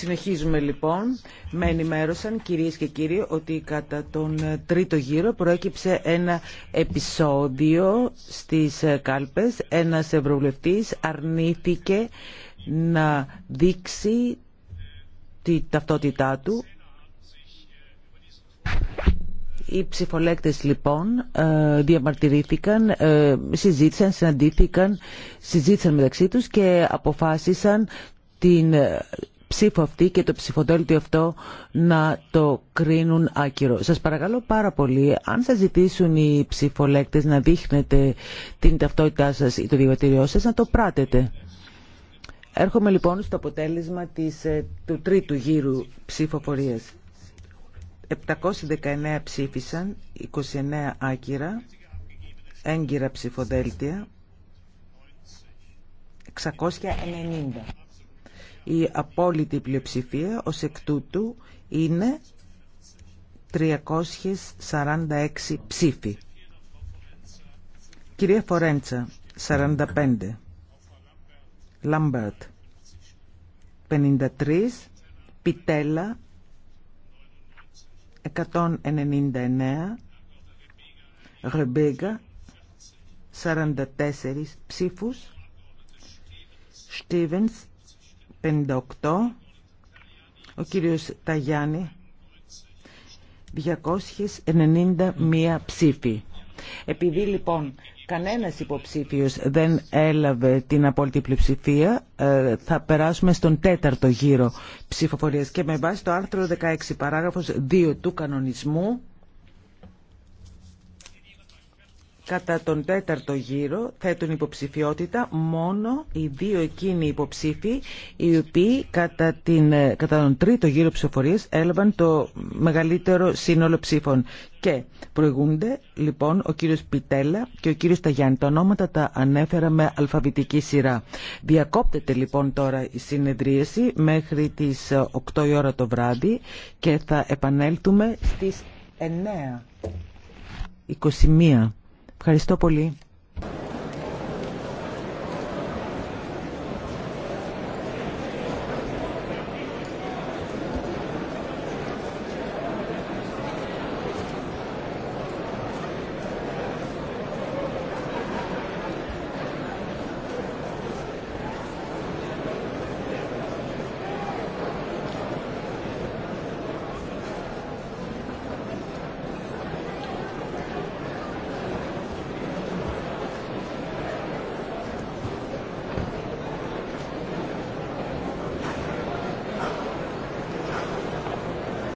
Συνεχίζουμε λοιπόν. Με ενημέρωσαν κυρίες και κύριοι ότι κατά τον τρίτο γύρο προέκυψε ένα επεισόδιο στις κάλπες. Ένας ευρωβουλευτής αρνήθηκε να δείξει τη ταυτότητά του. Οι ψηφολέκτες λοιπόν ε, διαμαρτυρήθηκαν, ε, συζήτησαν, συναντήθηκαν, συζήτησαν μεταξύ τους και αποφάσισαν την ψήφο αυτή και το ψηφοδέλτιο αυτό να το κρίνουν άκυρο. Σας παρακαλώ πάρα πολύ, αν σας ζητήσουν οι ψηφολέκτες να δείχνετε την ταυτότητά σας ή το διαβατήριό σας, να το πράτετε. Έρχομαι λοιπόν στο αποτέλεσμα της, ε, του τρίτου γύρου ψηφοφορίας. 719 ψήφισαν, 29 άκυρα, έγκυρα ψηφοδέλτια, 690. Η απόλυτη πλειοψηφία ως εκ τούτου είναι 346 ψήφοι. Κυρία Φορέντσα, 45. Λάμπερτ, 53. Πιτέλα, 199. Ρεμπέγκα, 44 ψήφους. Στίβενς, 58, ο κύριος Ταγιάννη, 291 ψήφοι. Επειδή λοιπόν κανένας υποψήφιος δεν έλαβε την απόλυτη πλειοψηφία, ε, θα περάσουμε στον τέταρτο γύρο ψηφοφορίας. Και με βάση το άρθρο 16 παράγραφος 2 του κανονισμού, Κατά τον τέταρτο γύρο θέτουν υποψηφιότητα μόνο οι δύο εκείνοι υποψήφοι οι οποίοι κατά, την, κατά τον τρίτο γύρο ψηφοφορίας έλαβαν το μεγαλύτερο σύνολο ψήφων. Και προηγούνται λοιπόν ο κύριος Πιτέλα και ο κύριος Ταγιάννη. Τα ονόματα τα ανέφερα με αλφαβητική σειρά. Διακόπτεται λοιπόν τώρα η συνεδρίαση μέχρι τις 8 η ώρα το βράδυ και θα επανέλθουμε στις 9.21. Ευχαριστώ πολύ.